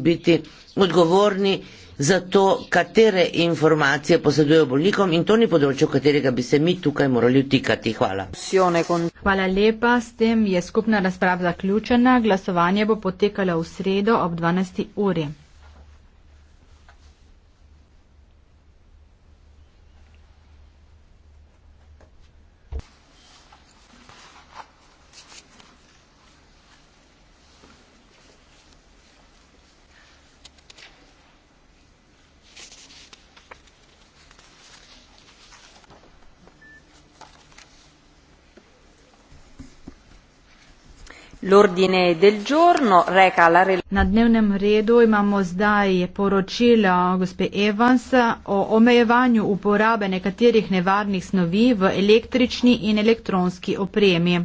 biti odgovorni za to, katere informacije posedujejo bolnikom in to ni področje, v katerega bi se mi tukaj morali vtikati. Hvala. Hvala lepa. S tem je skupna razprava zaključena. Glasovanje bo potekalo v sredo ob 12. uri. L'ordine del giorno reca la relazione. Na dnevnem redu imamo zdaj poročilo gospe Evans o omejevanju uporabe nekaterih nevarnih snovi v električni in elektronski opremi.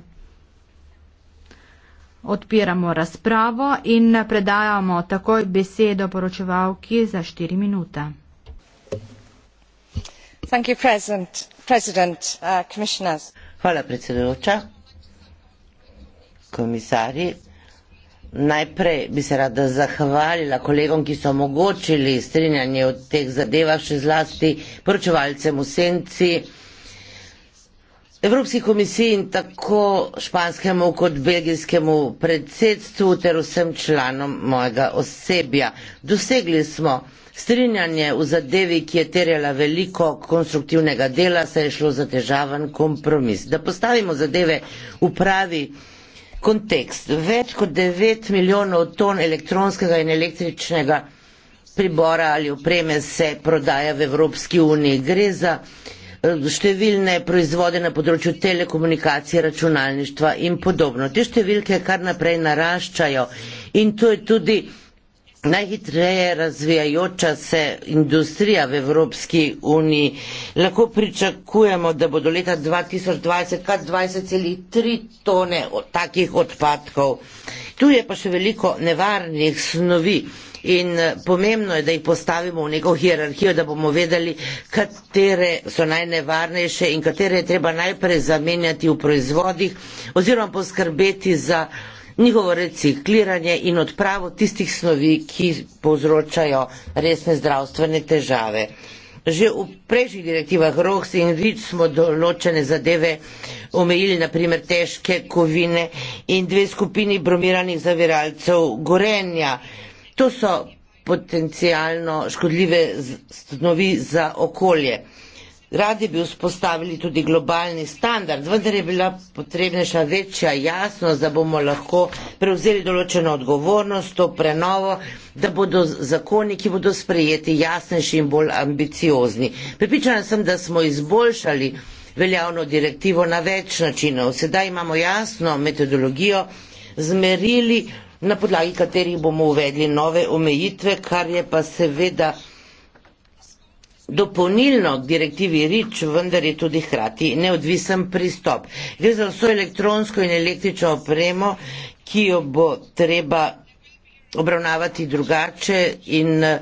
Odpiramo razpravo in predajamo takoj besedo poročevalki za 4 minute. Uh, Hvala predsedujoča komisarji. Najprej bi se rada zahvalila kolegom, ki so omogočili strinjanje v teh zadevah, še zlasti poročevalcem v senci Evropski komisiji in tako španskemu kot belgijskemu predsedstvu ter vsem članom mojega osebja. Dosegli smo strinjanje v zadevi, ki je terjala veliko konstruktivnega dela, saj je šlo za težaven kompromis. Da postavimo zadeve v pravi kontekst. Več kot 9 milijonov ton elektronskega in električnega pribora ali opreme se prodaja v Evropski uniji. Gre za eh, številne proizvode na področju telekomunikacije, računalništva in podobno. Te številke kar naprej naraščajo in to je tudi najhitreje razvijajoča se industrija v Evropski uniji. Lahko pričakujemo, da bo do leta 2020 kar 20,3 tone takih odpadkov. Tu je pa še veliko nevarnih snovi in eh, pomembno je, da jih postavimo v neko hierarhijo, da bomo vedeli, katere so najnevarnejše in katere je treba najprej zamenjati v proizvodih oziroma poskrbeti za njihovo recikliranje in odpravo tistih snovi, ki povzročajo resne zdravstvene težave. Že v prejšnjih direktivah ROX in RIC smo določene zadeve omejili, naprimer težke kovine in dve skupini bromiranih zaviralcev gorenja. To so potencijalno škodljive snovi za okolje. Radi bi vzpostavili tudi globalni standard, vendar je bila potrebnejša večja jasnost, da bomo lahko prevzeli določeno odgovornost, to prenovo, da bodo zakoni, ki bodo sprejeti, jasnejši in bolj ambiciozni. Pripričana sem, da smo izboljšali veljavno direktivo na več načinov. Sedaj imamo jasno metodologijo, zmerili, na podlagi katerih bomo uvedli nove omejitve, kar je pa seveda dopolnilno k direktivi REACH, vendar je tudi hkrati neodvisen pristop. Gre za vso elektronsko in električno opremo, ki jo bo treba obravnavati drugače in eh,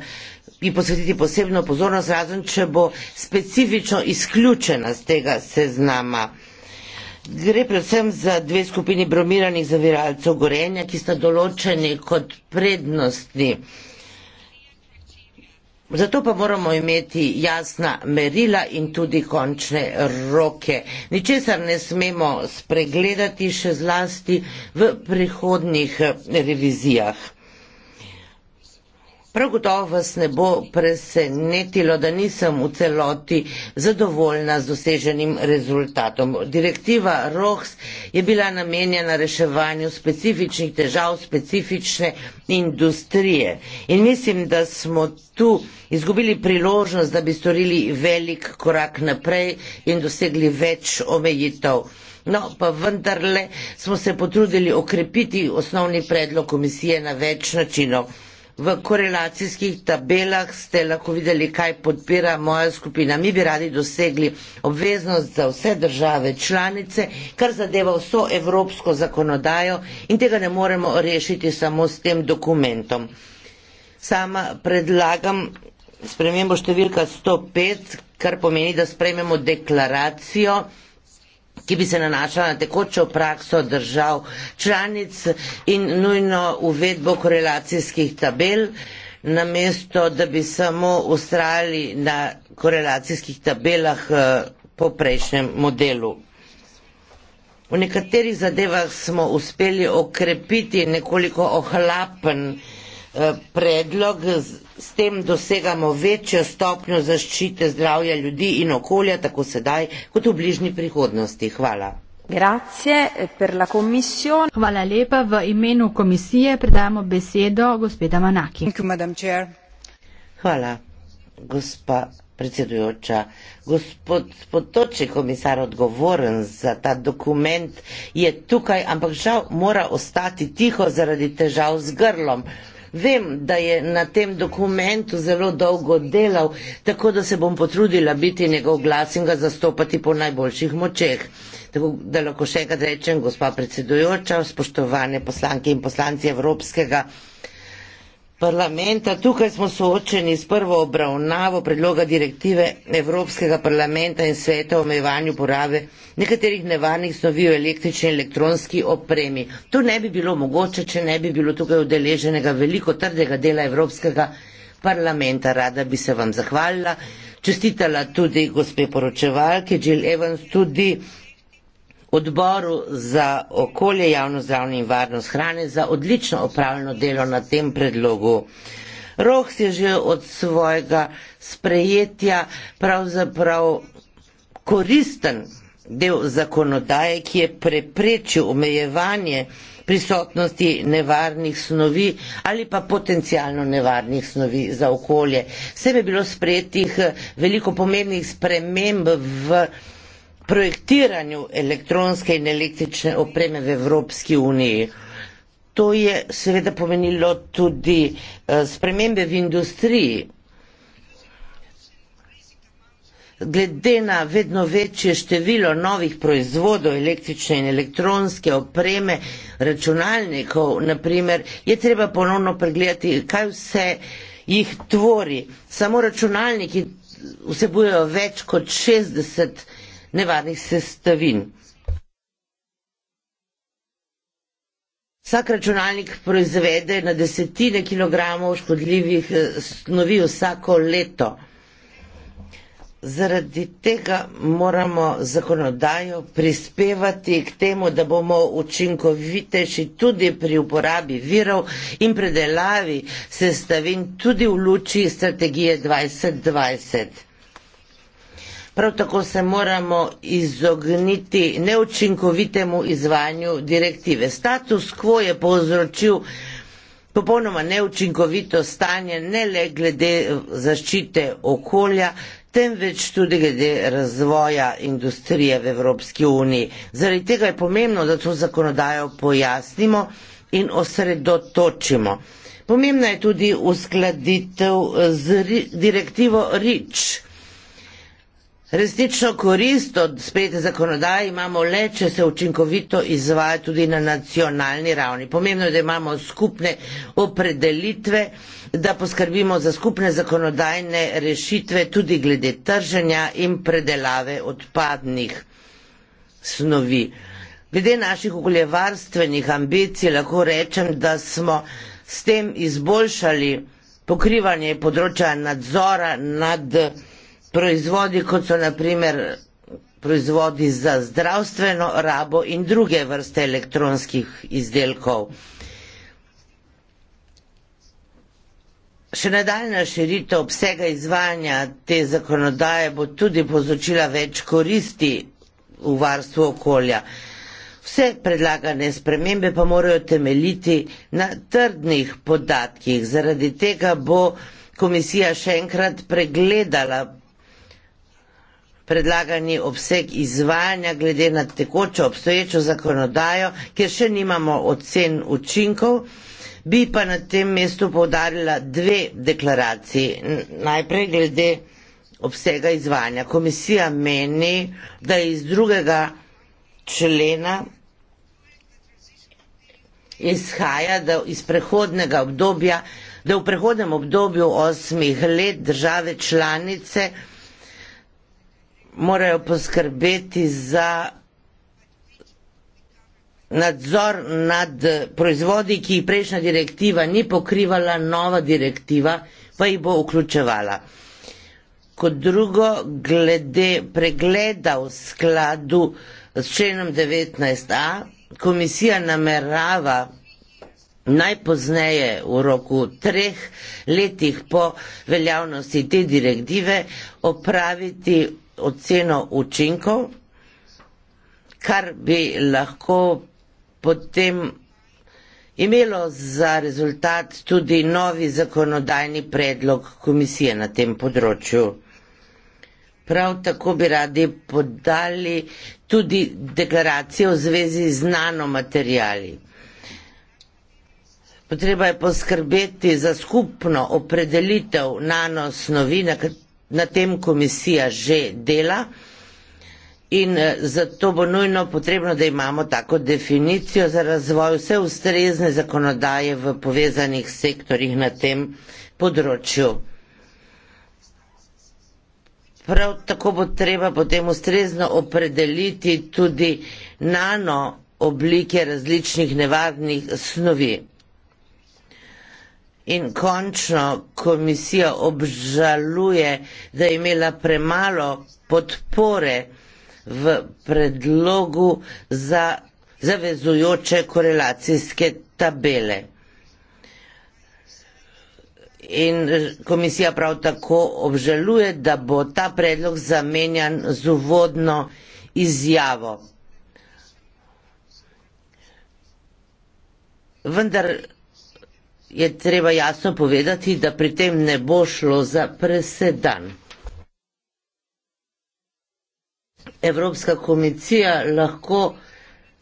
ji posvetiti posebno pozornost, razen če bo specifično izključena z tega seznama. Gre predvsem za dve skupini bromiranih zaviralcev gorenja, ki sta določeni kot prednostni. Zato pa moramo imeti jasna merila in tudi končne roke. Ničesar ne smemo spregledati še zlasti v prihodnih revizijah. Prav gotovo vas ne bo presenetilo, da nisem v celoti zadovoljna z doseženim rezultatom. Direktiva ROHS je bila namenjena reševanju specifičnih težav specifične industrije in mislim, da smo tu izgubili priložnost, da bi storili velik korak naprej in dosegli več omejitev. No, pa vendarle smo se potrudili okrepiti osnovni predlog komisije na več načinov. V korelacijskih tabelah ste lahko videli, kaj podpira moja skupina. Mi bi radi dosegli obveznost za vse države članice, kar zadeva vso evropsko zakonodajo in tega ne moremo rešiti samo s tem dokumentom. Sama predlagam spremembo številka 105, kar pomeni, da sprejmemo deklaracijo ki bi se nanašala na tekočo prakso držav članic in nujno uvedbo korelacijskih tabel, namesto da bi samo ustrajali na korelacijskih tabelah eh, po prejšnjem modelu. V nekaterih zadevah smo uspeli okrepiti nekoliko ohlapen Eh, predlog, s tem dosegamo večjo stopnjo zaščite zdravja ljudi in okolja, tako sedaj kot v bližnji prihodnosti. Hvala. Eh, Hvala lepa. V imenu komisije predamo besedo gospeda Manaki. Hvala, gospa predsedujoča. Gospod Potoček, komisar odgovoren za ta dokument, je tukaj, ampak žal mora ostati tiho zaradi težav z grlom. Vem, da je na tem dokumentu zelo dolgo delal, tako da se bom potrudila biti njegov glas in ga zastopati po najboljših močeh. Tako da lahko še enkrat rečem, gospa predsedujoča, spoštovane poslanke in poslanci Evropskega parlamenta parlamenta. Tukaj smo soočeni s prvo obravnavo predloga direktive Evropskega parlamenta in sveta o omejevanju porabe nekaterih nevarnih snovi v električni in elektronski opremi. To ne bi bilo mogoče, če ne bi bilo tukaj udeleženega veliko trdega dela Evropskega parlamenta. Rada bi se vam zahvalila. Čestitala tudi gospe poročevalke Jill Evans, tudi odboru za okolje, javno zdravje in varnost hrane za odlično opravljeno delo na tem predlogu. Rohs je že od svojega sprejetja pravzaprav koristen del zakonodaje, ki je preprečil omejevanje prisotnosti nevarnih snovi ali pa potencijalno nevarnih snovi za okolje. Vse bi bilo sprejetih eh, veliko pomembnih sprememb v projektiranju elektronske in električne opreme v Evropski uniji. To je seveda pomenilo tudi eh, spremembe v industriji. Glede na vedno večje število novih proizvodov električne in elektronske opreme, računalnikov, naprimer, je treba ponovno pregledati, kaj vse jih tvori. Samo računalniki vsebujejo več kot 60 nevarnih sestavin. Vsak računalnik proizvede na desetine kilogramov škodljivih eh, snovi vsako leto. Zaradi tega moramo zakonodajo prispevati k temu, da bomo učinkovitejši tudi pri uporabi virov in predelavi sestavin tudi v luči strategije 2020. Prav tako se moramo izogniti neučinkovitemu izvajanju direktive. Status quo je povzročil popolnoma neučinkovito stanje ne le glede zaščite okolja, temveč tudi glede razvoja industrije v Evropski uniji. Zaradi tega je pomembno, da to zakonodajo pojasnimo in osredotočimo. Pomembna je tudi uskladitev z direktivo REACH. Resnično korist od sprejete zakonodaje imamo le, če se učinkovito izvaja tudi na nacionalni ravni. Pomembno je, da imamo skupne opredelitve, da poskrbimo za skupne zakonodajne rešitve tudi glede trženja in predelave odpadnih snovi. Glede naših okoljevarstvenih ambicij lahko rečem, da smo s tem izboljšali pokrivanje področja nadzora nad proizvodi, kot so naprimer proizvodi za zdravstveno rabo in druge vrste elektronskih izdelkov. Še nadaljna širitev obsega izvajanja te zakonodaje bo tudi povzročila več koristi v varstvu okolja. Vse predlagane spremembe pa morajo temeljiti na trdnih podatkih. Zaradi tega bo komisija še enkrat pregledala predlagani obseg izvajanja glede na tekočo obstoječo zakonodajo, kjer še nimamo ocen učinkov. Bi pa na tem mestu povdarila dve deklaraciji. Najprej glede obsega izvajanja. Komisija meni, da iz drugega člena izhaja, da iz prehodnega obdobja, da v prehodnem obdobju osmih let države članice morajo poskrbeti za nadzor nad proizvodi, ki jih prejšnja direktiva ni pokrivala, nova direktiva pa jih bo vključevala. Kot drugo, glede pregleda v skladu s členom 19a, komisija namerava najpozneje v roku treh letih po veljavnosti te direktive opraviti oceno učinkov, kar bi lahko potem imelo za rezultat tudi novi zakonodajni predlog komisije na tem področju. Prav tako bi radi podali tudi deklaracijo v zvezi z nanomaterijali. Potreba je poskrbeti za skupno opredelitev nanosnovi, na katero na tem komisija že dela in eh, zato bo nujno potrebno, da imamo tako definicijo za razvoj vse ustrezne zakonodaje v povezanih sektorjih na tem področju. Prav tako bo treba potem ustrezno opredeliti tudi nano oblike različnih nevarnih snovi. In končno komisija obžaluje, da je imela premalo podpore v predlogu za zavezujoče korelacijske tabele. In komisija prav tako obžaluje, da bo ta predlog zamenjan z uvodno izjavo. Vendar je treba jasno povedati, da pri tem ne bo šlo za presedan. Evropska komisija lahko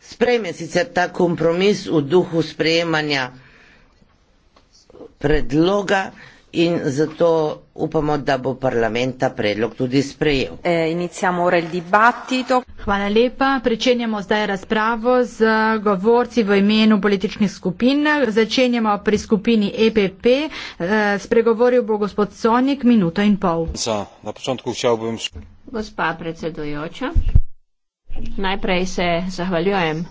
sprejme sicer ta kompromis v duhu sprejemanja predloga, in zato upamo, da bo parlament ta predlog tudi sprejel. E, Hvala lepa. Pričenjamo zdaj razpravo z govorci v imenu političnih skupin. Začenjamo pri skupini EPP. E, spregovoril bo gospod Sonik minuto in pol. Za, bom... Gospa predsedujoča, najprej se zahvaljujem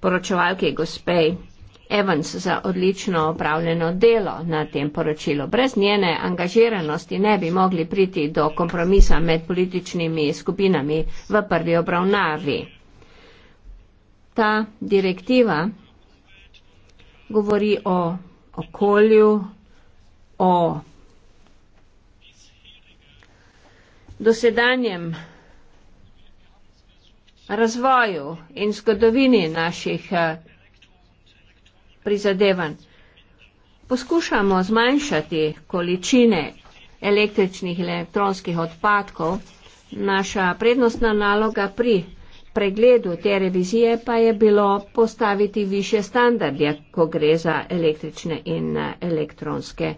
poročevalki gospej Evans za odlično opravljeno delo na tem poročilu. Brez njene angažiranosti ne bi mogli priti do kompromisa med političnimi skupinami v prvi obravnavi. Ta direktiva govori o okolju, o dosedanjem razvoju in zgodovini naših eh, prizadevanj. Poskušamo zmanjšati količine električnih in elektronskih odpadkov. Naša prednostna naloga pri pregledu te revizije pa je bilo postaviti više standarde, ko gre za električne in elektronske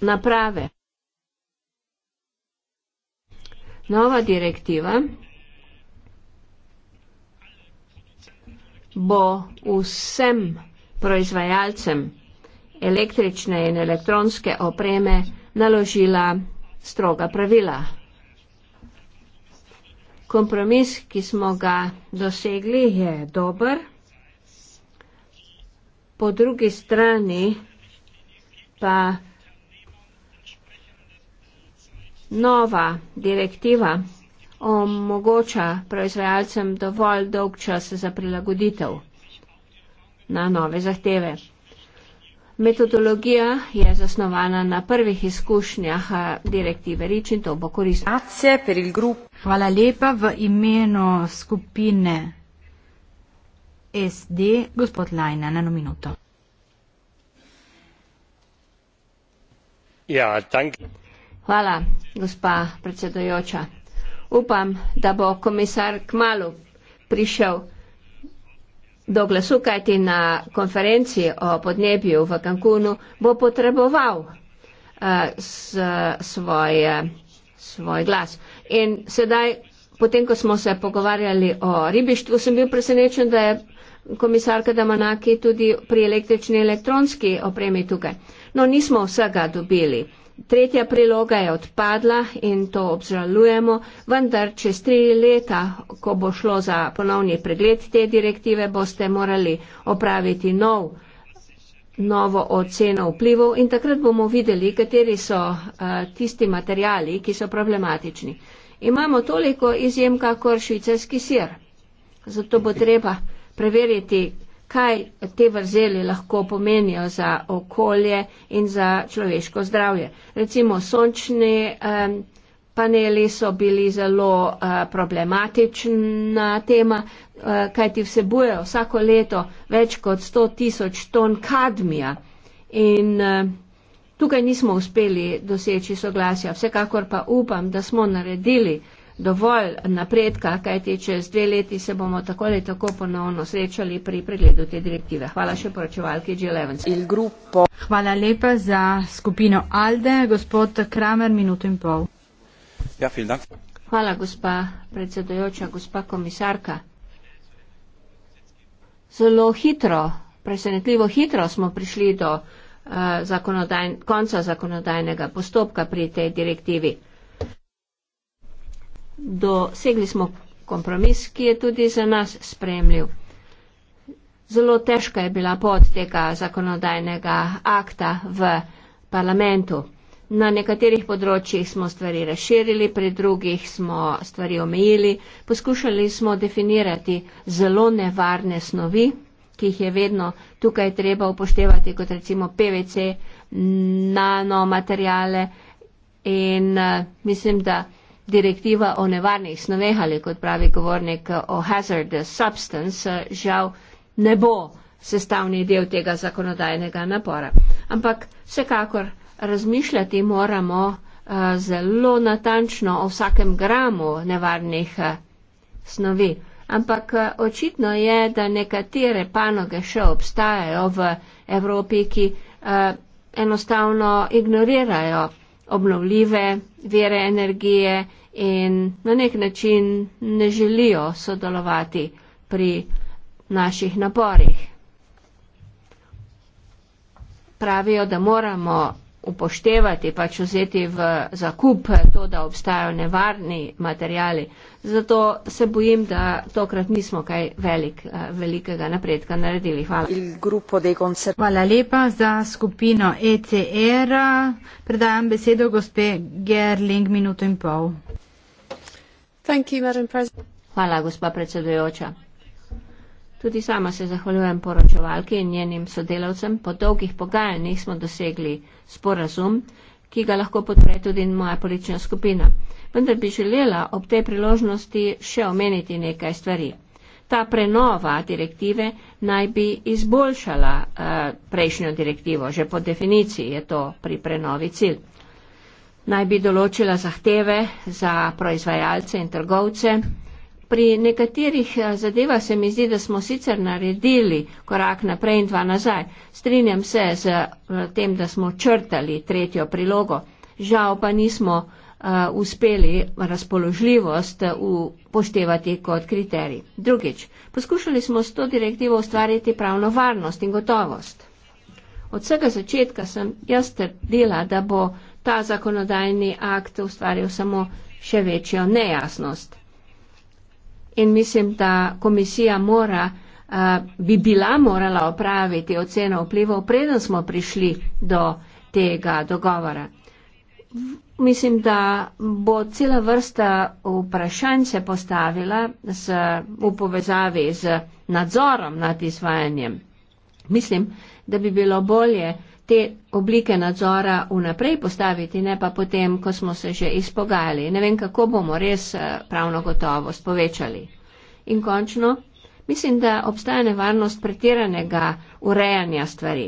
naprave. Nova direktiva bo vsem proizvajalcem električne in elektronske opreme naložila stroga pravila. Kompromis, ki smo ga dosegli, je dober. Po drugi strani pa nova direktiva omogoča proizvajalcem dovolj dolg čas za prilagoditev na nove zahteve. Metodologija je zasnovana na prvih izkušnjah direktive REACH in to bo koristilo. Hvala lepa v imenu skupine SD, gospod Lajna, na eno minuto. Ja, Hvala, gospa predsedojoča upam, da bo komisar kmalo prišel do glasu, kajti na konferenciji o podnebju v Cancunu bo potreboval uh, s, svoj, uh, svoj glas. In sedaj, potem, ko smo se pogovarjali o ribištvu, sem bil presenečen, da je komisarka Damanaki tudi pri električni elektronski opremi tukaj. No, nismo vsega dobili. Tretja priloga je odpadla in to obžalujemo, vendar čez tri leta, ko bo šlo za ponovni pregled te direktive, boste morali opraviti nov, novo oceno vplivov in takrat bomo videli, kateri so uh, tisti materijali, ki so problematični. Imamo toliko izjem, kakor švicarski sir. Zato bo treba preveriti, kaj te vrzeli lahko pomenijo za okolje in za človeško zdravje. Recimo sončni um, paneli so bili zelo uh, problematična tema, uh, eh, kaj ti vsebujejo vsako leto več kot 100 tisoč ton kadmija. In uh, tukaj nismo uspeli doseči soglasja. Vsekakor pa upam, da smo naredili dovolj napredka, kaj te čez dve leti se bomo tako ali tako ponovno srečali pri pregledu te direktive. Hvala še poročevalki G11. Hvala lepa za skupino Alde, gospod Kramer, minuto in pol. Ja, Hvala, gospa predsedojoča, gospa komisarka. Zelo hitro, presenetljivo hitro smo prišli do uh, eh, zakonodajn, konca zakonodajnega postopka pri tej direktivi dosegli smo kompromis, ki je tudi za nas spremljiv. Zelo težka je bila pot tega zakonodajnega akta v parlamentu. Na nekaterih področjih smo stvari razširili, pri drugih smo stvari omejili. Poskušali smo definirati zelo nevarne snovi, ki jih je vedno tukaj treba upoštevati, kot recimo PVC, nanomaterjale in eh, mislim, da direktiva o nevarnih snoveh ali kot pravi govornik o hazard substance žal ne bo sestavni del tega zakonodajnega napora. Ampak vsekakor razmišljati moramo eh, zelo natančno o vsakem gramu nevarnih eh, snovi. Ampak eh, očitno je, da nekatere panoge še obstajajo v Evropi, ki enostavno ignorirajo obnovljive vere energije, in na nek način ne želijo sodelovati pri naših naporih. Pravijo, da moramo upoštevati, pač vzeti v zakup to, da obstajajo nevarni materijali. Zato se bojim, da tokrat nismo kaj velik, eh, velikega napredka naredili. Hvala. Hvala lepa za skupino ECR. Predajam besedo gospe Gerling minuto in pol. Hvala, gospa predsedujoča. Tudi sama se zahvaljujem poročevalki in njenim sodelavcem. Po dolgih pogajanjih smo dosegli sporazum, ki ga lahko podpre tudi moja politična skupina. Vendar bi želela ob tej priložnosti še omeniti nekaj stvari. Ta prenova direktive naj bi izboljšala eh, prejšnjo direktivo, že po definiciji je to pri prenovi cilj. Naj bi določila zahteve za proizvajalce in trgovce, eh, Pri nekaterih eh, zadevah se mi zdi, da smo sicer naredili korak naprej in dva nazaj. Strinjam se z eh, tem, da smo črtali tretjo prilogo. Žal pa nismo uh, uspeli razpoložljivost upoštevati kot kriterij. Drugič, poskušali smo s to direktivo ustvariti pravno varnost in gotovost. Od vsega začetka sem jaz trdila, da bo ta zakonodajni akt ustvaril samo še večjo nejasnost in mislim, da komisija mora, uh, bi bila morala opraviti oceno vplivov, preden smo prišli do tega dogovora. Mislim, da bo cela vrsta vprašanj se postavila z, v povezavi z nadzorom nad izvajanjem. Mislim, da bi bilo bolje, te oblike nadzora vnaprej postaviti, ne pa potem, ko smo se že izpogajali. Ne vem, kako bomo res eh, pravno gotovost povečali. In končno, mislim, da obstaja nevarnost pretiranega urejanja stvari.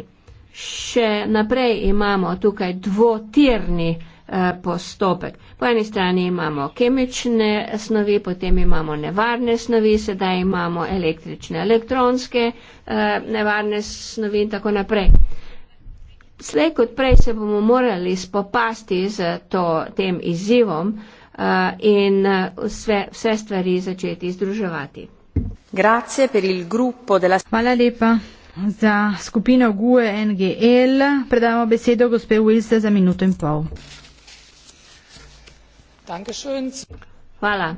Še naprej imamo tukaj dvotirni eh, postopek. Po eni strani imamo kemične snovi, potem imamo nevarne snovi, sedaj imamo električne, elektronske eh, nevarne snovi in tako naprej. Slej kot prej se bomo morali spopasti z to, tem izzivom uh, in eh, vse, vse stvari začeti združevati. Della... Hvala lepa za skupino GUE NGL. Predamo besedo gospe Wilse za minuto in pol. Dankeschön. Hvala.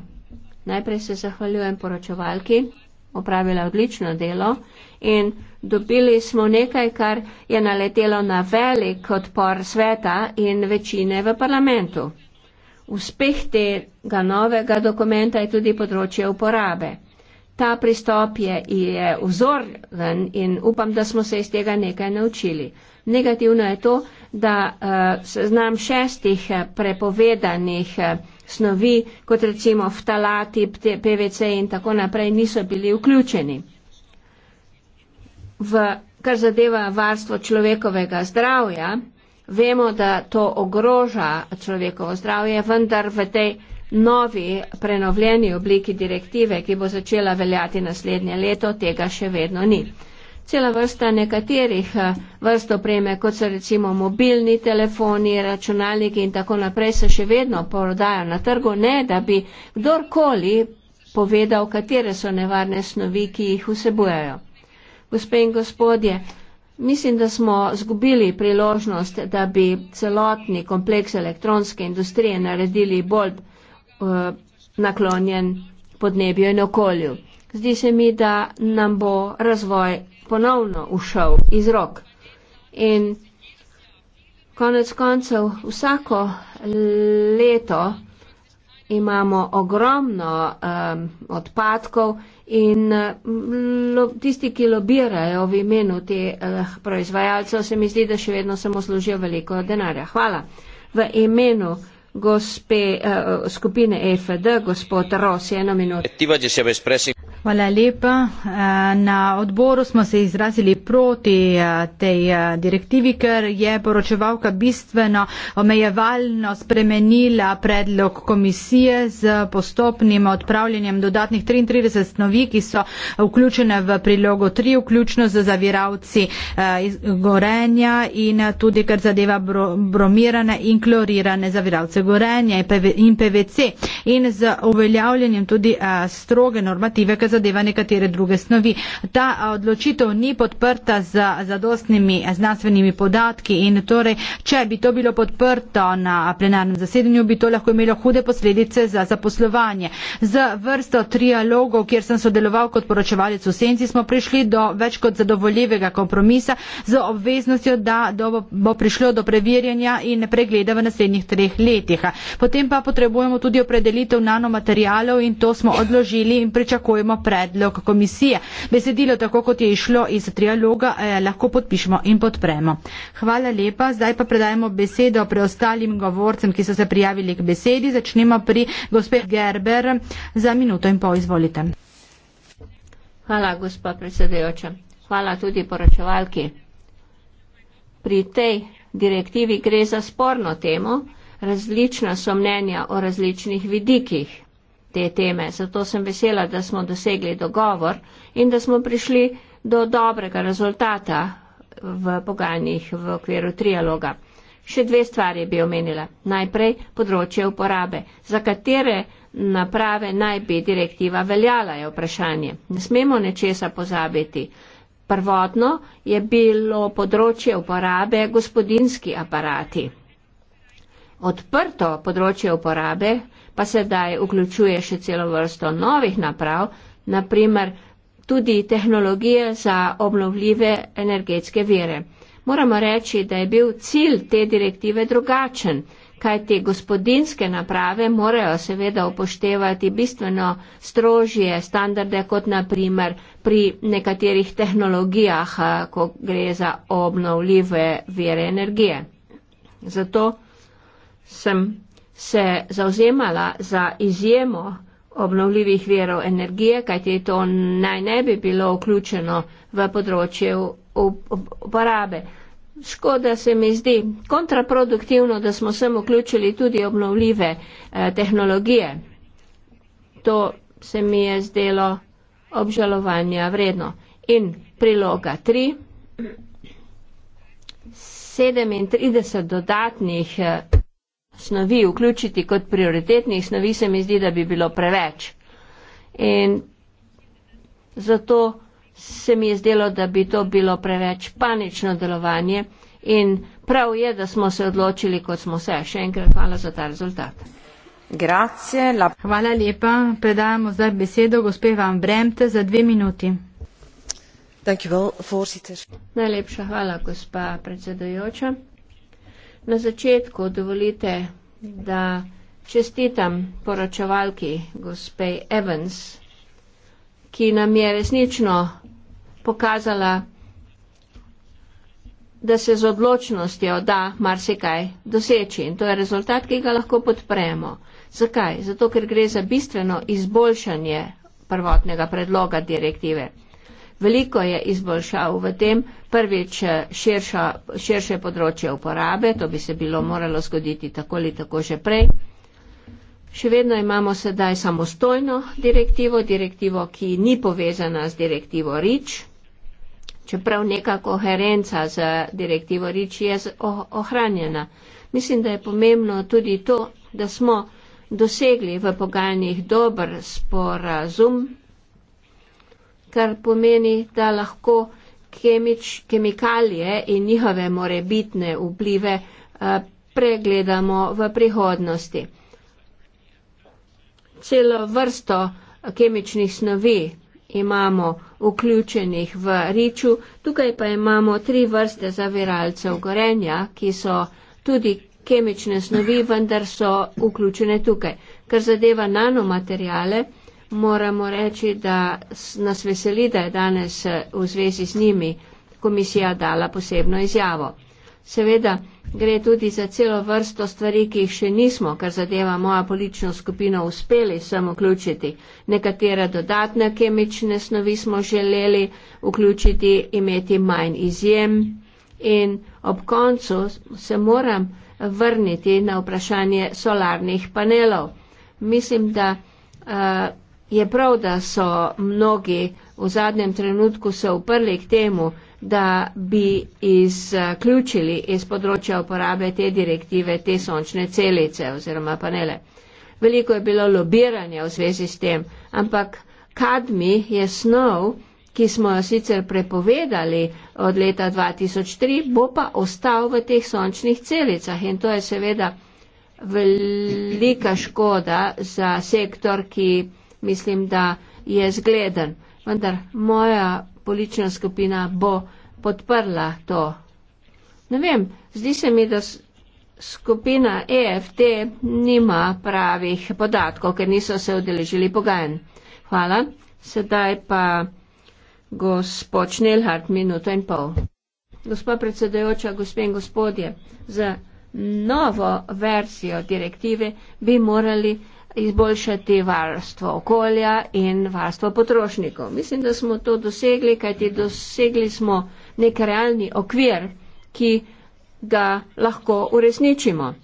Najprej se zahvaljujem poročevalki opravila odlično delo in dobili smo nekaj, kar je naletelo na velik odpor sveta in večine v parlamentu. Uspeh tega novega dokumenta je tudi področje uporabe. Ta pristop je, je vzoren in upam, da smo se iz tega nekaj naučili. Negativno je to, da eh, seznam šestih eh, prepovedanih eh, snovi, kot recimo ftalati, PVC in tako naprej, niso bili vključeni. V kar zadeva varstvo človekovega zdravja, vemo, da to ogroža človekovo zdravje, vendar v tej novi prenovljeni obliki direktive, ki bo začela veljati naslednje leto, tega še vedno ni cela vrsta nekaterih eh, vrst opreme, kot so recimo mobilni telefoni, računalniki in tako naprej, se še vedno prodajo na trgu, ne da bi kdorkoli povedal, katere so nevarne snovi, ki jih vsebujejo. Gospe in gospodje, mislim, da smo zgubili priložnost, da bi celotni kompleks elektronske industrije naredili bolj uh, naklonjen podnebju in okolju. Zdi se mi, da nam bo razvoj ponovno ušel iz rok. In konec koncev vsako leto imamo ogromno um, odpadkov in mm, lo, tisti, ki lobirajo v imenu te uh, proizvajalcev, se mi zdi, da še vedno samo služijo veliko denarja. Hvala. V imenu gospe, uh, skupine EFD, gospod Ros, eno minuto. Hvala lepa. Eh, na odboru smo se izrazili proti eh, tej eh, direktivi, ker je poročevalka bistveno omejevalno spremenila predlog komisije z postopnim odpravljanjem dodatnih 33 snovi, ki so vključene v prilogo 3, vključno z zaviravci iz gorenja in tudi kar zadeva bromirane in klorirane zaviravce gorenja in PVC in z uveljavljanjem tudi stroge normative, zadeva nekatere druge snovi. Ta odločitev ni podprta z zadostnimi znanstvenimi podatki in torej, če bi to bilo podprto na plenarnem zasedanju, bi to lahko imelo hude posledice za zaposlovanje. Z vrsto trialogov, kjer sem sodeloval kot poročevalec v senci, smo prišli do več kot zadovoljivega kompromisa z obveznostjo, da bo prišlo do preverjanja in pregleda v naslednjih treh letih. Potem pa potrebujemo tudi opredelitev nanomaterialov in to smo odložili in pričakujemo predlog komisije. Besedilo, tako kot je išlo iz trialoga, eh, lahko podpišemo in podpremo. Hvala lepa. Zdaj pa predajemo besedo preostalim govorcem, ki so se prijavili k besedi. Začnemo pri gospe Gerber. Za minuto in pol izvolite. Hvala, gospa predsedujoča. Hvala tudi poročevalki. Pri tej direktivi gre za sporno temo. Različna so mnenja o različnih vidikih te teme. Zato sem vesela, da smo dosegli dogovor in da smo prišli do dobrega rezultata v pogajanjih v okviru trialoga. Še dve stvari bi omenila. Najprej področje uporabe. Za katere naprave naj bi direktiva veljala, je vprašanje. Ne smemo nečesa pozabiti. Prvotno je bilo področje uporabe gospodinski aparati. Odprto področje uporabe pa sedaj vključuje še celo vrsto novih naprav, naprimer tudi tehnologije za obnovljive energetske vire. Moramo reči, da je bil cilj te direktive drugačen, kaj te gospodinske naprave morajo seveda upoštevati bistveno strožje standarde kot naprimer pri nekaterih tehnologijah, ko gre za obnovljive vire energije. Zato sem se zauzemala za izjemo obnovljivih verov energije, kajti to naj ne bi bilo vključeno v področje uporabe. Škoda se mi zdi kontraproduktivno, da smo sem vključili tudi obnovljive eh, tehnologije. To se mi je zdelo obžalovanja vredno. In priloga 3. 37 dodatnih eh, snovi vključiti kot prioritetnih snovi, se mi zdi, da bi bilo preveč. In zato se mi je zdelo, da bi to bilo preveč panično delovanje in prav je, da smo se odločili, kot smo se. Še enkrat hvala za ta rezultat. Grazie, la... Hvala lepa. Predajamo zdaj besedo gospe Vam Bremte za dve minuti. Well, Najlepša hvala, gospa predsedujoča. Na začetku dovolite, da čestitam poročevalki gospe Evans, ki nam je resnično pokazala, da se z odločnostjo da marsikaj doseči in to je rezultat, ki ga lahko podpremo. Zakaj? Zato, ker gre za bistveno izboljšanje prvotnega predloga direktive. Veliko je izboljšav v tem, prvič širša, širše področje uporabe, to bi se bilo moralo zgoditi tako ali tako že prej. Še vedno imamo sedaj samostojno direktivo, direktivo, ki ni povezana z direktivo REACH. Čeprav neka koherenca z direktivo REACH je ohranjena. Mislim, da je pomembno tudi to, da smo dosegli v pogajanjih dober sporazum, kar pomeni, da lahko kemič, kemikalije in njihove morebitne vplive eh, pregledamo v prihodnosti. Celo vrsto kemičnih snovi imamo vključenih v riču, tukaj pa imamo tri vrste zaviralcev gorenja, ki so tudi kemične snovi, vendar so vključene tukaj. Kar zadeva nanomaterjale, moramo reči, da nas veseli, da je danes eh, v zvezi z njimi komisija dala posebno izjavo. Seveda gre tudi za celo vrsto stvari, ki jih še nismo, kar zadeva moja politično skupino, uspeli sem vključiti. Nekatere dodatne kemične snovi smo želeli vključiti, imeti manj izjem. In ob koncu se moram vrniti na vprašanje solarnih panelov. Mislim, da uh, Je prav, da so mnogi v zadnjem trenutku se uprli k temu, da bi izključili iz področja uporabe te direktive te sončne celice oziroma panele. Veliko je bilo lobiranja v zvezi s tem, ampak kadmi je snov, ki smo jo sicer prepovedali od leta 2003, bo pa ostal v teh sončnih celicah in to je seveda velika škoda za sektor, ki mislim, da je zgleden. Vendar moja politična skupina bo podprla to. Ne vem, zdi se mi, da skupina EFT nima pravih podatkov, ker niso se odeležili pogajanj. Hvala. Sedaj pa gospod Šnelhart, minuto in pol. Gospa predsedajoča, gospe in gospodje, za novo verzijo direktive bi morali izboljšati varstvo okolja in varstvo potrošnikov. Mislim, da smo to dosegli, kajti dosegli smo nek realni okvir, ki ga lahko uresničimo.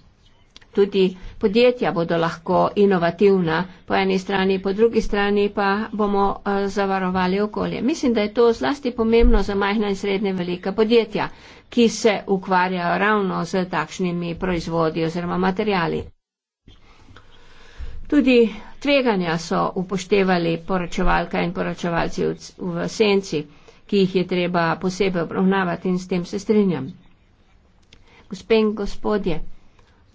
Tudi podjetja bodo lahko inovativna po eni strani, po drugi strani pa bomo eh, zavarovali okolje. Mislim, da je to zlasti pomembno za majhna in srednje velika podjetja, ki se ukvarjajo ravno z takšnimi proizvodi oziroma materijali. Tudi tveganja so upoštevali poročevalka in poročevalci v, v senci, ki jih je treba posebej obravnavati in s tem se strinjam. Gospe in gospodje,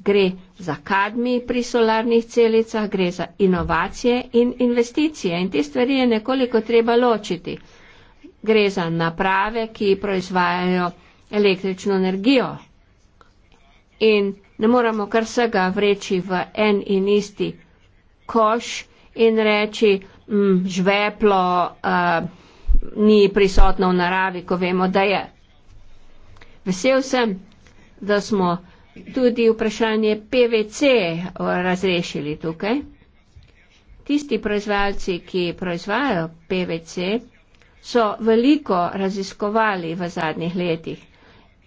gre za kadmi pri solarnih celicah, gre za inovacije in investicije in te stvari je nekoliko treba ločiti. Gre za naprave, ki proizvajajo električno energijo in ne moremo kar vsega vreči v en in isti koš in reči, mm, žveplo uh, ni prisotno v naravi, ko vemo, da je. Vesel sem, da smo tudi vprašanje PVC eh, razrešili tukaj. Tisti proizvajalci, ki proizvajajo PVC, so veliko raziskovali v zadnjih letih.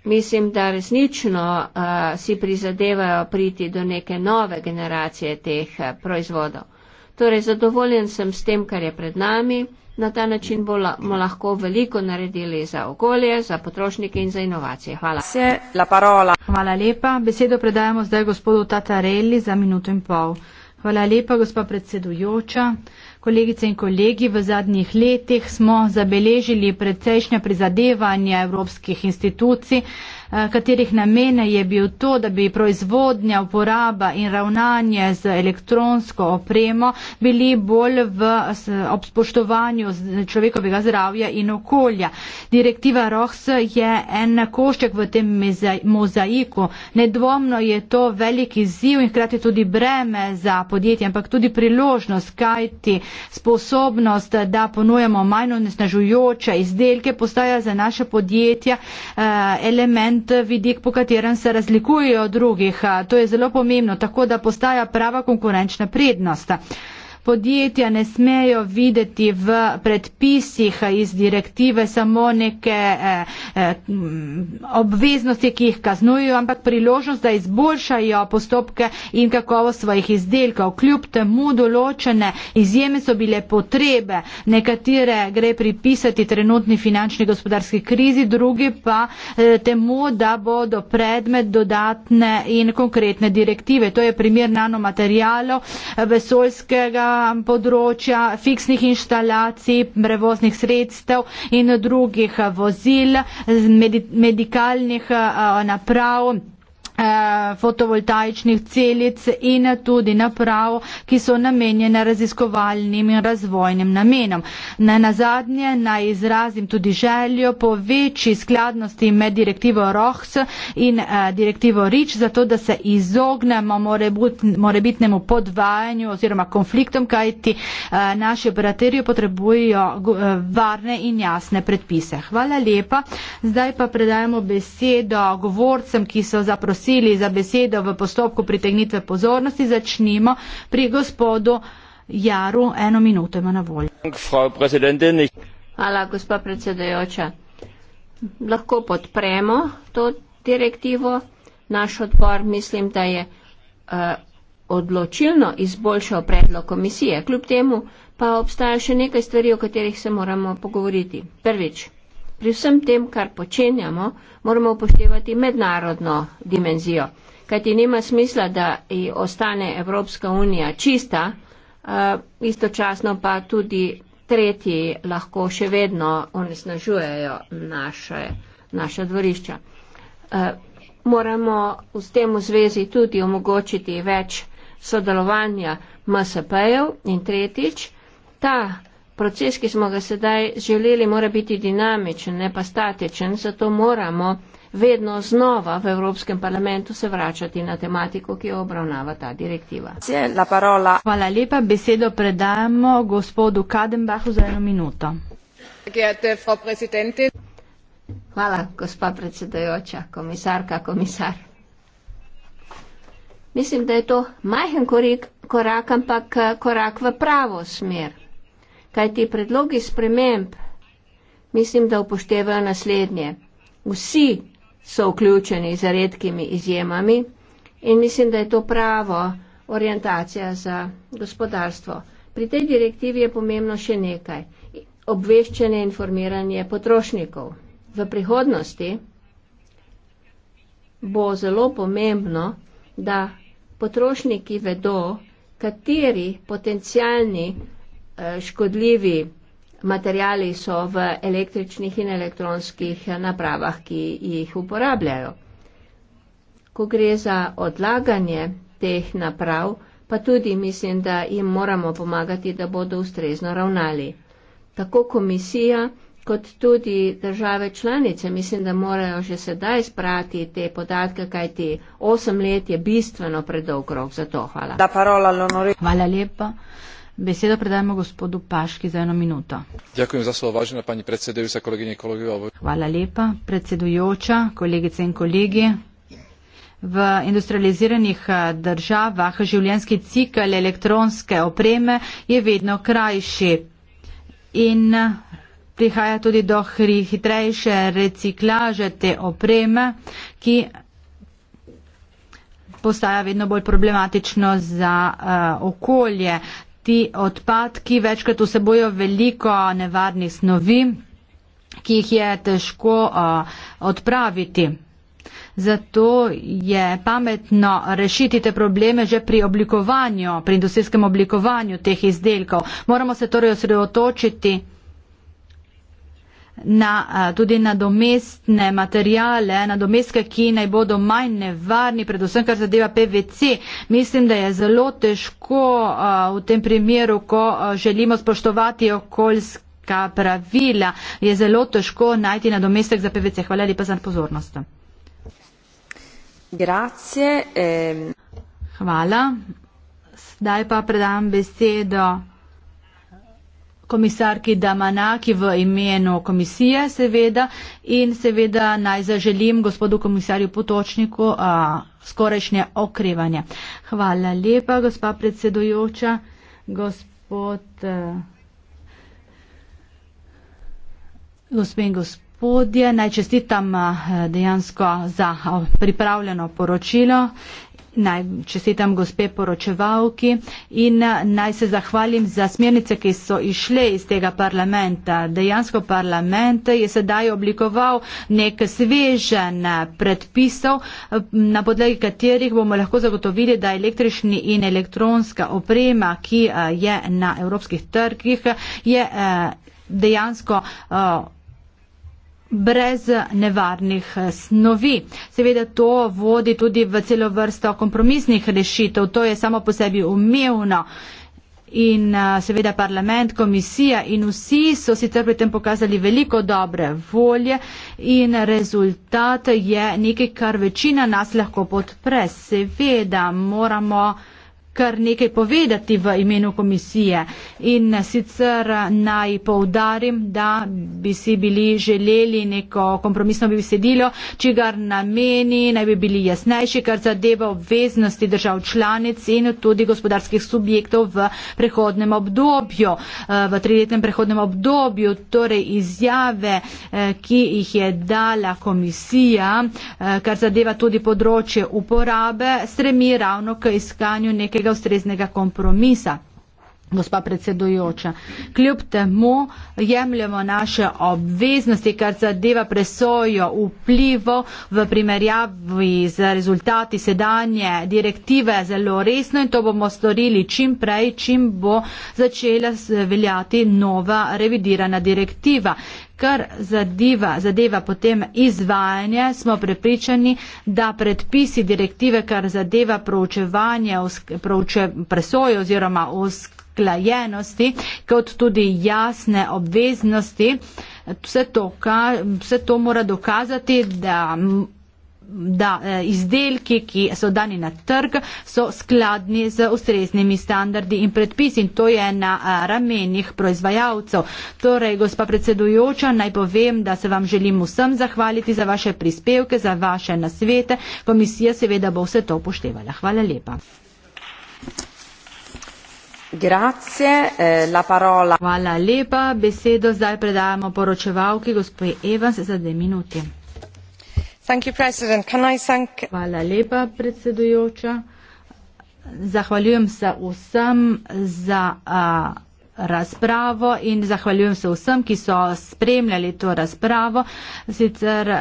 Mislim, da resnično uh, si prizadevajo priti do neke nove generacije teh uh, proizvodov. Torej, zadovoljen sem s tem, kar je pred nami. Na ta način bomo lahko veliko naredili za okolje, za potrošnike in za inovacije. Hvala. Se, Hvala lepa. Besedo predajamo zdaj gospodu Tatarelli za minuto in pol. Hvala lepa, gospa predsedujoča. Kolegice in kolegi, v zadnjih letih smo zabeležili precejšnja prizadevanja evropskih institucij Eh, katerih namene je bil to, da bi proizvodnja, uporaba in ravnanje z elektronsko opremo bili bolj v obspoštovanju človekovega zdravja in okolja. Direktiva ROHS je en košček v tem mozaiku. Nedvomno je to velik izziv in hkrati tudi breme za podjetje, ampak tudi priložnost, kajti sposobnost, da ponujemo manj onesnažujoče izdelke, postaja za naše podjetja eh, element talent vidik, po katerem se razlikujejo od drugih. To je zelo pomembno, tako da postaja prava konkurenčna prednost podjetja ne smejo videti v predpisih iz direktive samo neke eh, eh, obveznosti, ki jih kaznujo, ampak priložnost, da izboljšajo postopke in kakovo svojih izdelkov. Kljub temu določene izjeme so bile potrebe, nekatere gre pripisati trenutni finančni gospodarski krizi, drugi pa eh, temu, da bodo predmet dodatne in konkretne direktive. To je primer nanomaterijalov eh, vesoljskega področja fiksnih inštalacij, prevoznih sredstev in drugih vozil, medikalnih eh, naprav. Eh, fotovoltaičnih celic in tudi naprav, ki so namenjene raziskovalnim in razvojnim namenom. Na nazadnje naj izrazim tudi željo po večji skladnosti med direktivo ROHS in eh, direktivo REACH, zato da se izognemo morebitnemu podvajanju oziroma konfliktom, kajti eh, naši operaterji potrebujejo varne in jasne predpise. Hvala lepa. Zdaj pa predajamo besedo govorcem, ki so zaprosili prosili za besedo v postopku pritegnitve pozornosti, začnimo pri gospodu Jaru, eno minuto ima na voljo. Hvala, gospa predsedajoča. Lahko podpremo to direktivo. Naš odbor mislim, da je uh, odločilno izboljšal predlog komisije. Kljub temu pa obstaja še nekaj stvari, o katerih se moramo pogovoriti. Prvič, pri vsem tem, kar počenjamo, moramo upoštevati mednarodno dimenzijo. Kajti nima smisla, da ostane Evropska unija čista, istočasno pa tudi tretji lahko še vedno onesnažujejo naše, naša dvorišča. Moramo s tem v zvezi tudi omogočiti več sodelovanja MSP-jev in tretjič, ta proces, ki smo ga sedaj želeli, mora biti dinamičen, ne pa statičen, zato moramo vedno znova v Evropskem parlamentu se vračati na tematiko, ki jo obravnava ta direktiva. Hvala lepa, besedo predajamo gospodu Kadenbachu za eno minuto. Hvala, gospa predsedajoča, komisarka, komisar. Mislim, da je to majhen korik, korak, ampak eh, korak v pravo smer kajti predlogi sprememb mislim, da upoštevajo naslednje. Vsi so vključeni za redkimi izjemami in mislim, da je to pravo orientacija za gospodarstvo. Pri tej direktivi je pomembno še nekaj. Obveščanje in informiranje potrošnikov. V prihodnosti bo zelo pomembno, da potrošniki vedo, kateri potencijalni škodljivi materijali so v električnih in elektronskih napravah, ki jih uporabljajo. Ko gre za odlaganje teh naprav, pa tudi mislim, da jim moramo pomagati, da bodo ustrezno ravnali. Tako komisija, kot tudi države članice, mislim, da morajo že sedaj sprati te podatke, kajti 8 let je bistveno predolg rok za to. Hvala. Hvala lepa. Besedo predajamo gospodu Paški za eno minuto. Ďakujem za svojo vážená pani predsedujúca, kolegyne, kolegovia. Hvala lepa, predsedujoča, kolegice in kolegi. V industrializiranih eh, državah življenski cikel elektronske opreme je vedno krajši in eh, prihaja tudi do hitrejše reciklaže te opreme, ki postaja vedno bolj problematično za uh, okolje ti odpadki večkrat vsebojo veliko nevarnih snovi, ki jih je težko odpraviti. Zato je pametno rešiti te probleme že pri oblikovanju, pri industrijskem oblikovanju teh izdelkov. Moramo se torej osredotočiti na, tudi na domestne materijale, na domestke, ki naj bodo manj nevarni, predvsem kar zadeva PVC. Mislim, da je zelo težko v tem primeru, ko želimo spoštovati okoljske pravila, je zelo težko najti na domestek za PVC. Hvala lepa za pozornost. Grazie, ehm. Hvala. Zdaj pa predam besedo komisarki Damanaki v imenu komisije seveda in seveda naj zaželim gospodu komisarju Potočniku a, skorajšnje okrevanje. Hvala lepa, gospa predsedujoča, gospod, gospod in gospodje, naj čestitam dejansko za pripravljeno poročilo naj čestitam gospe poročevalki in eh, naj se zahvalim za smernice, ki so išle iz tega parlamenta. Dejansko parlament je sedaj oblikoval nek svežen eh, predpisov, eh, na podlagi katerih bomo lahko zagotovili, da električni in elektronska oprema, ki je na evropskih trgih, je dejansko uh, brez nevarnih eh, snovi. Seveda to vodi tudi v celo vrsto kompromisnih rešitev, to je samo po sebi umevno. In eh, seveda parlament, komisija in vsi so sicer pri tem pokazali veliko dobre volje in rezultat je nekaj, kar večina nas lahko podpre. Seveda moramo kar nekaj povedati v imenu komisije in sicer naj povdarim, da bi si bili želeli neko kompromisno bi sedilo, čigar nameni naj bi bili jasnejši, kar zadeva obveznosti držav članic in tudi gospodarskih subjektov v prehodnem obdobju, eh, v triletnem prehodnem obdobju, torej izjave, eh, ki jih je dala komisija, eh, kar zadeva tudi področje uporabe, stremi ravno k iskanju neke tega ustreznega kompromisa. Gospa predsedujoča, kljub temu jemljemo naše obveznosti, kar zadeva presojo vplivo v primerjavi z rezultati sedanje direktive zelo resno in to bomo storili čim prej, čim bo začela veljati nova revidirana direktiva kar zadeva, zadeva potem izvajanje, smo prepričani, da predpisi direktive, kar zadeva proučevanje, prouče, presojo oziroma usklajenosti, kot tudi jasne obveznosti, vse to, ka, vse to mora dokazati, da da eh, izdelki, ki so dani na trg, so skladni z ustreznimi standardi in predpisi in to je na eh, ramenih proizvajalcev. Torej, gospa predsedujoča, naj povem, da se vam želim vsem zahvaliti za vaše prispevke, za vaše nasvete. Komisija seveda bo vse to upoštevala. Hvala lepa. Grazie, eh, Hvala lepa. Besedo zdaj predajamo poročevalki gospoje Evans za dve minuti. Hvala lepa, predsedujoča. Zahvaljujem se vsem za a, razpravo in zahvaljujem se vsem, ki so spremljali to razpravo. Sicer eh,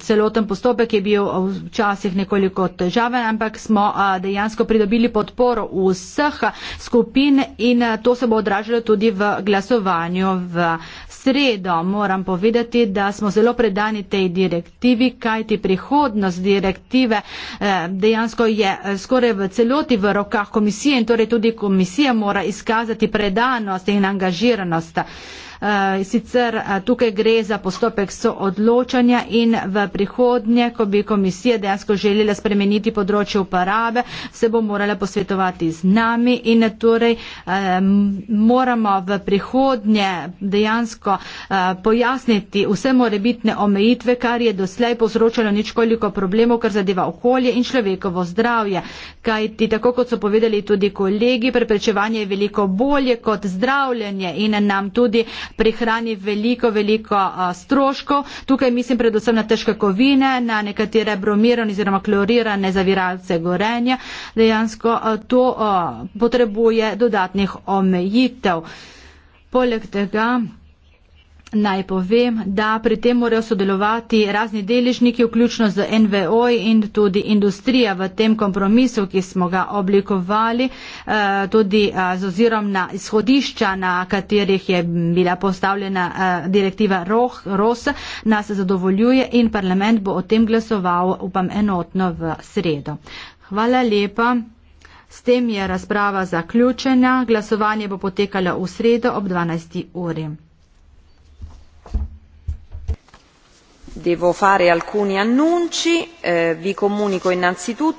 celoten postopek je bil včasih nekoliko težaven, ampak smo eh, dejansko pridobili podporo vseh skupin in eh, to se bo odražalo tudi v glasovanju v sredo. Moram povedati, da smo zelo predani tej direktivi, kajti prihodnost direktive eh, dejansko je eh, skoraj v celoti v rokah komisije in torej tudi komisija mora izkazati predstavljanje predanost in angažiranost. Eh, sicer eh, tukaj gre za postopek soodločanja in v prihodnje, ko bi komisija dejansko želela spremeniti področje uporabe, se bo morala posvetovati z nami in torej eh, moramo v prihodnje dejansko pojasniti vse morebitne omejitve, kar je doslej povzročalo ničkoliko problemov, kar zadeva okolje in človekovo zdravje. Kaj ti, tako kot so povedali tudi kolegi, preprečevanje je veliko bolje kot zdravljenje in nam tudi prihrani veliko, veliko stroškov. Tukaj mislim predvsem na težke kovine, na nekatere bromirane oziroma klorirane zaviralce gorenja. Dejansko to potrebuje dodatnih omejitev. Poleg tega. Naj povem, da pri tem morajo sodelovati razni deležniki, vključno z NVO in tudi industrija v tem kompromisu, ki smo ga oblikovali, eh, tudi eh, z ozirom na izhodišča, na katerih je bila postavljena eh, direktiva ROS, nas zadovoljuje in parlament bo o tem glasoval, upam, enotno v sredo. Hvala lepa. S tem je razprava zaključena. Glasovanje bo potekalo v sredo ob 12. uri. devo fare alcuni annunci. Eh, vi comunico innanzitutto